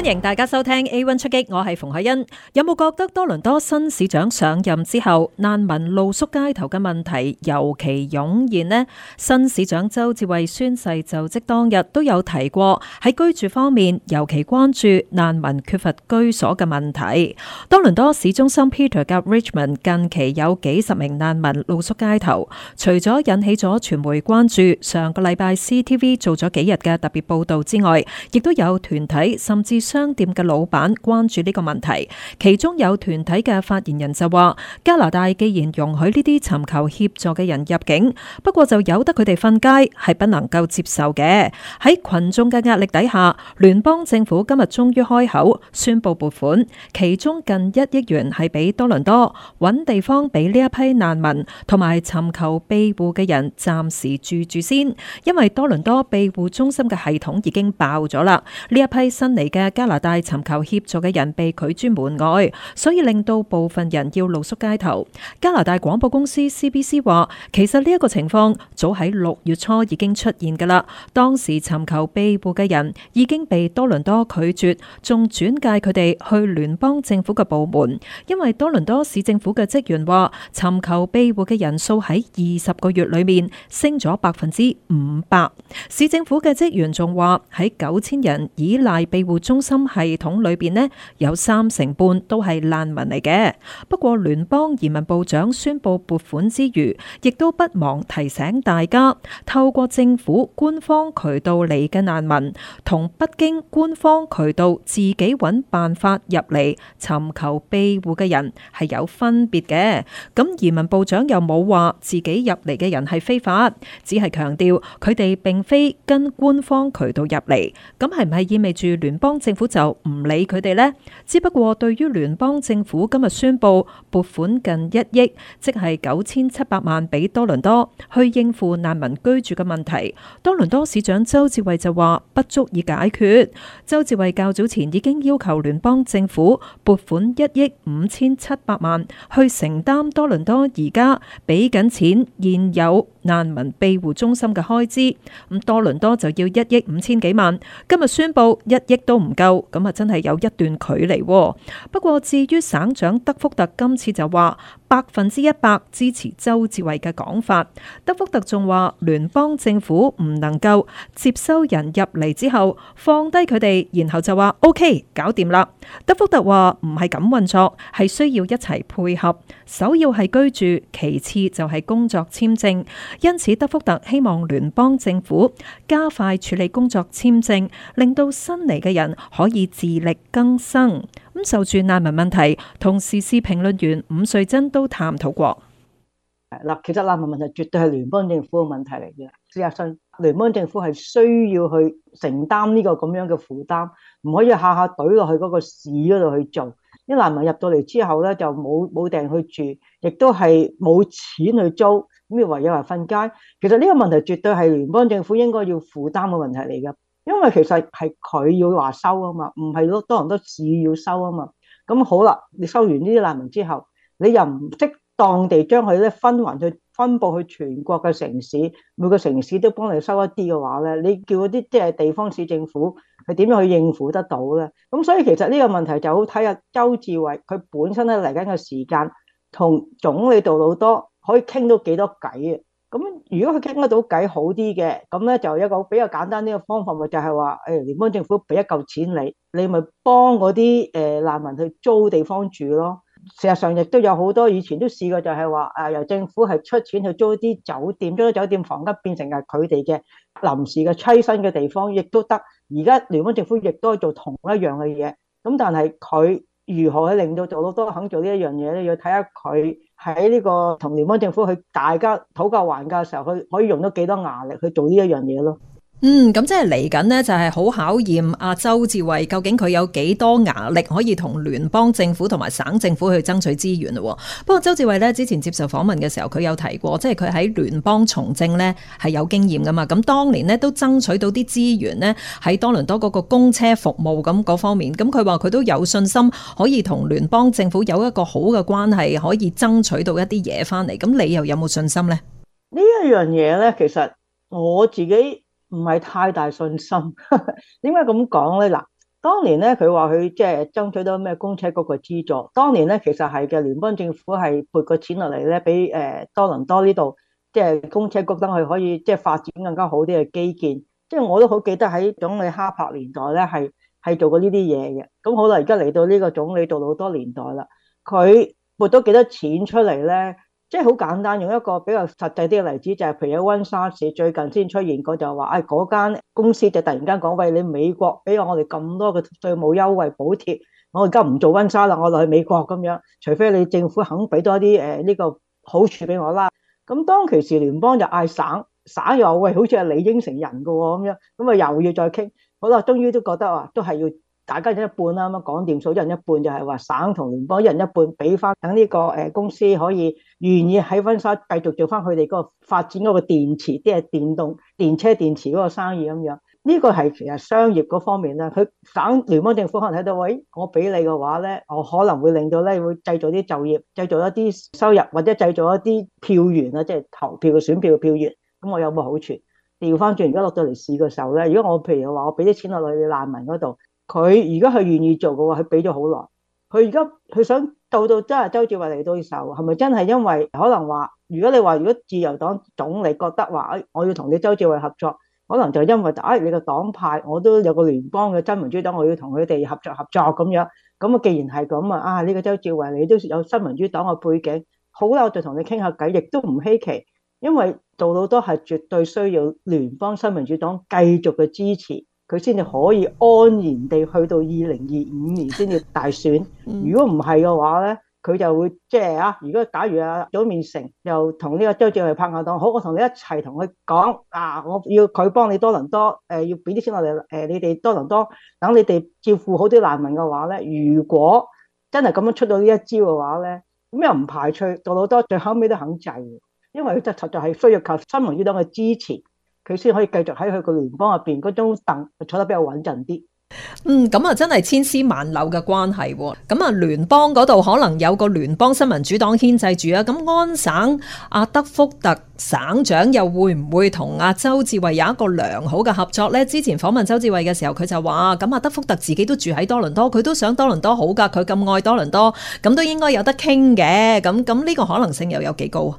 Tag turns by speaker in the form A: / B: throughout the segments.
A: 歡迎大家收聽 A1 出擊，我係馮凱欣。有冇覺得多倫多新市長上任之後，難民露宿街頭嘅問題尤其湧現呢？新市長鄒至蕙宣誓就職當日都有提過，喺居住方面尤其關注難民缺乏居所嘅問題。多倫多市中心 Peter 和 Richmond 近期有幾十名難民露宿街頭，除咗引起咗傳媒關注，上個禮拜 CTV 做咗幾日嘅特別報道之外，亦都有團體甚至，商店嘅老闆關注呢個問題，其中有團體嘅發言人就話：加拿大既然容許呢啲尋求協助嘅人入境，不過就由得佢哋瞓街，係不能夠接受嘅。喺群眾嘅壓力底下，聯邦政府今日終於開口宣布撥款，其中近一億元係俾多倫多搵地方俾呢一批難民同埋尋求庇護嘅人暫時住住先，因為多倫多庇護中心嘅系統已經爆咗啦，呢一批新嚟嘅加拿大尋求協助嘅人被拒於門外，所以令到部分人要露宿街頭。加拿大廣播公司 CBC 話：其實呢一個情況早喺六月初已經出現㗎啦。當時尋求庇護嘅人已經被多倫多拒絕，仲轉介佢哋去聯邦政府嘅部門。因為多倫多市政府嘅職員話，尋求庇護嘅人數喺二十個月裏面升咗百分之五百。市政府嘅職員仲話：喺九千人依賴庇護中心系統裏邊呢，有三成半都係難民嚟嘅。不過聯邦移民部長宣布撥款之餘，亦都不忘提醒大家，透過政府官方渠道嚟嘅難民，同不經官方渠道自己揾辦法入嚟尋求庇護嘅人係有分別嘅。咁移民部長又冇話自己入嚟嘅人係非法，只係強調佢哋並非跟官方渠道入嚟。咁係唔係意味住聯邦？政府就唔理佢哋咧，只不過對於聯邦政府今日宣布撥款近一億，即係九千七百萬俾多倫多去應付難民居住嘅問題，多倫多市長鄒至蕙就話不足以解決。鄒至蕙較早前已經要求聯邦政府撥款一億五千七百萬去承擔多倫多而家俾緊錢現有難民庇護中心嘅開支，咁多倫多就要一億五千幾萬，今日宣布一億都唔。咁啊！真係有一段距離。不過，至於省長德福特今次就話。百分之一百支持周志偉嘅講法，德福特仲話聯邦政府唔能夠接收人入嚟之後放低佢哋，然後就話 OK，搞掂啦。德福特話唔係咁運作，係需要一齊配合，首要係居住，其次就係工作簽證。因此，德福特希望聯邦政府加快處理工作簽證，令到新嚟嘅人可以自力更生。咁受住難民問題，同時事評論員伍瑞珍都探討過。
B: 嗱，其實難民問題絕對係聯邦政府嘅問題嚟嘅，事實上，聯邦政府係需要去承擔呢個咁樣嘅負擔，唔可以下下懟落去嗰個市嗰度去做。啲難民入到嚟之後咧，就冇冇地去住，亦都係冇錢去租，咁就唯有係瞓街。其實呢個問題絕對係聯邦政府應該要負擔嘅問題嚟嘅。因為其實係佢要話收啊嘛，唔係咯，多倫多市要收啊嘛。咁好啦，你收完呢啲難民之後，你又唔適當地將佢咧分勻去分佈去全國嘅城市，每個城市都幫你收一啲嘅話咧，你叫嗰啲即係地方市政府係點樣去應付得到咧？咁所以其實呢個問題就好睇阿周志偉佢本身咧嚟緊嘅時間同總理杜魯多可以傾到幾多偈啊？咁如果佢傾得到計好啲嘅，咁咧就一個比較簡單啲嘅方法，咪就係話，誒聯邦政府俾一嚿錢你，你咪幫嗰啲誒難民去租地方住咯。事實上亦都有好多以前都試過，就係話，誒由政府係出錢去租啲酒店，將啲酒店房間變成係佢哋嘅臨時嘅棲身嘅地方，亦都得。而家聯邦政府亦都係做同一樣嘅嘢，咁但係佢如何去令到做老多肯做呢一樣嘢咧，要睇下佢。喺呢個同聯邦政府去大家討價還價嘅時候，佢可以用到幾多
A: 壓力去做呢一樣嘢咯？嗯，咁即係嚟緊呢，就係好考驗阿周志偉究竟佢有幾多牙力可以同聯邦政府同埋省政府去爭取資源。不過周志偉呢之前接受訪問嘅時候，佢有提過，即係佢喺聯邦從政呢係有經驗噶嘛。咁當年呢，都爭取到啲資源呢喺多倫多嗰個公車服務咁嗰方面。咁佢話佢都有信心可以同聯邦政府有一個好嘅關係，可以爭取到一啲嘢翻嚟。咁你又有冇信心呢？
B: 呢一樣嘢呢，其實我自己。唔係太大信心，點解咁講咧？嗱，當年咧佢話佢即係爭取到咩公車局嘅資助，當年咧其實係嘅聯邦政府係撥個錢落嚟咧，俾誒多倫多呢度即係公車局等佢可以即係發展更加好啲嘅基建，即係我都好記得喺總理哈柏年代咧係係做過呢啲嘢嘅。咁好啦，而家嚟到呢個總理做到好多年代啦，佢撥咗幾多錢出嚟咧？即係好簡單，用一個比較實際啲嘅例子，就係、是、譬如喺温莎市最近先出現過，就係話，嗰、哎、間公司就突然間講喂，你美國俾我哋咁多嘅稅務優惠補貼，我而家唔做温莎啦，我落去美國咁樣，除非你政府肯俾多啲誒呢個好處俾我啦。咁當其時聯邦就嗌省，省又話喂，好似係你應承人噶喎咁樣，咁啊又要再傾，好啦，終於都覺得啊，都係要。大家一半啦，咁樣講掂數，一人一半就係話省同聯邦一人一半俾翻，等呢個公司可以願意喺温莎繼續做翻佢哋嗰個發展嗰個電池，即係電動電車電池嗰個生意咁樣。呢個係其實商業嗰方面呢佢省聯邦政府可能睇到，喂，我俾你嘅話咧，我可能會令到咧會製造啲就業，製造一啲收入，或者製造一啲票源啊，即係投票嘅選票嘅票源。咁我有冇好處？調翻轉而家落到嚟試嘅時候咧，如果我譬如話我俾啲錢落去你難民嗰度。佢而家佢願意做嘅話，佢俾咗好耐。佢而家佢想到到真係鄒至蕙嚟到嘅時候，係咪真係因為可能話？如果你話，如果自由黨總理覺得話，我要同你鄒至蕙合作，可能就因為誒、哎、你個黨派，我都有個聯邦嘅新民主黨，我要同佢哋合作合作咁樣。咁啊，既然係咁啊，啊呢個鄒至蕙你都有新民主黨嘅背景，好啦，我就同你傾下偈，亦都唔稀奇，因為杜魯多都係絕對需要聯邦新民主黨繼續嘅支持。佢先至可以安然地去到二零二五年先至大選。如果唔係嘅話咧，佢就會即係啊！如果假如啊，駔勉誠又同呢個鄒至蕙拍下檔，好，我同你一齊同佢講啊，我要佢幫你多倫多誒，要俾啲錢我哋誒，你哋多倫多等你哋照顧好啲難民嘅話咧，如果真係咁樣出到呢一招嘅話咧，咁又唔排除杜魯多最後尾都肯制，因為佢實質就係需要靠新民主黨嘅支持。佢先可以繼續喺佢個聯邦入面嗰張凳坐得比較穩陣啲。
A: 嗯，咁啊真係千絲萬縷嘅關係喎。咁啊聯邦嗰度可能有個聯邦新民主黨牽制住啊。咁、嗯、安省阿德福特省長又會唔會同阿鄒至蕙有一個良好嘅合作呢？之前訪問鄒至蕙嘅時候，佢就話：，咁、嗯、阿德福特自己都住喺多倫多，佢都想多倫多好㗎，佢咁愛多倫多，咁、嗯、都應該有得傾嘅。咁咁呢個可能性又有幾高？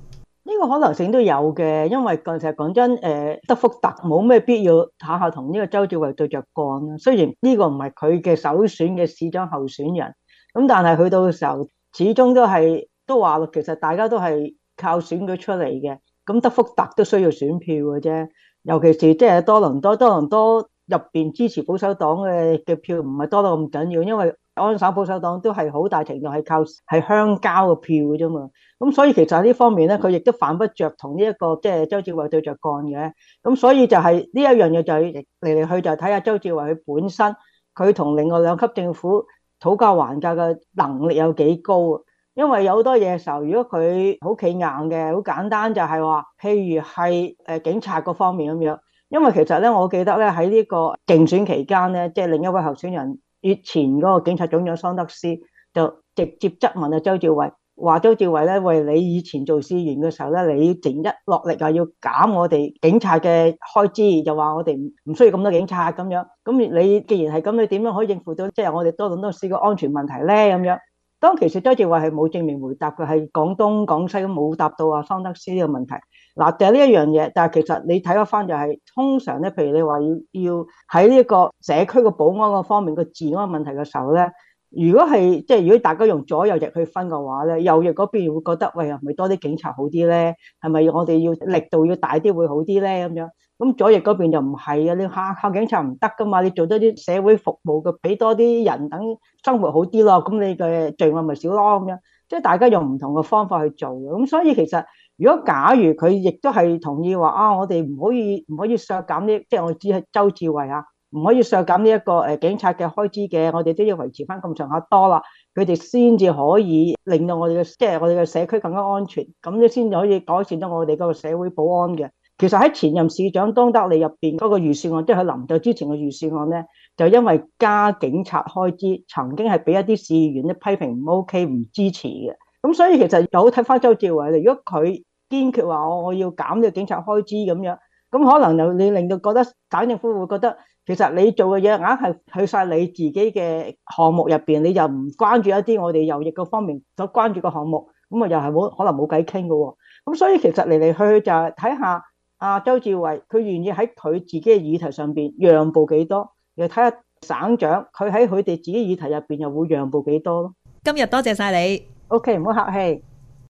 B: 呢個可能性都有嘅，因為其實講真，誒德福特冇咩必要下下同呢個周志偉對着幹啦。雖然呢個唔係佢嘅首選嘅市長候選人，咁但係去到時候始終都係都話，其實大家都係靠選舉出嚟嘅。咁德福特都需要選票嘅啫，尤其是即係多倫多，多倫多入邊支持保守黨嘅嘅票唔係多到咁緊要，因為，安省保守黨都係好大程度係靠係鄉郊嘅票嘅啫嘛，咁所以其實喺呢方面咧，佢亦都犯不着同呢一個即係、就是、鄒至蕙對着幹嘅，咁所以就係呢一樣嘢就係嚟嚟去就睇下鄒至蕙佢本身佢同另外兩級政府討價還價嘅能力有幾高啊，因為有好多嘢嘅時候，如果佢好企硬嘅，好簡單就係話，譬如係誒警察嗰方面咁樣，因為其實咧，我記得咧喺呢個競選期間咧，即、就、係、是、另一位候選人。月前嗰個警察總長桑德斯就直接質問啊鄒至蕙，話鄒至蕙咧，喂，你以前做議員嘅時候咧，你整一落力啊要減我哋警察嘅開支，就話我哋唔唔需要咁多警察咁樣。咁你既然係咁，你點樣可以應付到即係我哋多倫多市嘅安全問題咧？咁樣，當其實鄒至蕙係冇正面回答佢，係講東講西都冇答到啊桑德斯呢個問題。嗱，就係呢一樣嘢，但係其實你睇翻翻就係、是、通常咧，譬如你話要要喺呢個社區個保安個方面、個治安問題嘅時候咧，如果係即係如果大家用左右翼去分嘅話咧，右翼嗰邊會覺得喂，係咪多啲警察好啲咧，係咪我哋要力度要大啲會好啲咧咁樣？咁左翼嗰邊就唔係啊，你靠靠警察唔得噶嘛，你做多啲社會服務嘅，俾多啲人等生活好啲咯，咁你嘅罪案咪少咯咁樣。即係大家用唔同嘅方法去做嘅，咁所以其實如果假如佢亦都係同意話啊，我哋唔可以唔可以削減呢，即係我知係周志偉啊，唔可以削減呢一個誒警察嘅開支嘅，我哋都要維持翻咁上下多啦，佢哋先至可以令到我哋嘅即係我哋嘅社區更加安全，咁你先至可以改善咗我哋嗰個社會保安嘅。其實喺前任市長當德利入邊嗰個預算案，即係佢臨到之前嘅預算案咧，就因為加警察開支，曾經係俾一啲市議員咧批評唔 OK，唔支持嘅。咁所以其實又好睇翻周志偉，如果佢堅決話我我要減呢個警察開支咁樣，咁可能又你令到覺得省政府會覺得其實你做嘅嘢硬係去晒你自己嘅項目入邊，你就唔關注一啲我哋右翼個方面所關注嘅項目，咁啊又係冇可能冇計傾嘅。咁所以其實嚟嚟去去就係睇下。啊、周志偉，佢願意喺佢自己嘅議題上邊讓步幾多？又睇下省長，佢喺佢哋自己的議題入面又會讓步幾多？今日多謝晒你，OK 唔好客氣。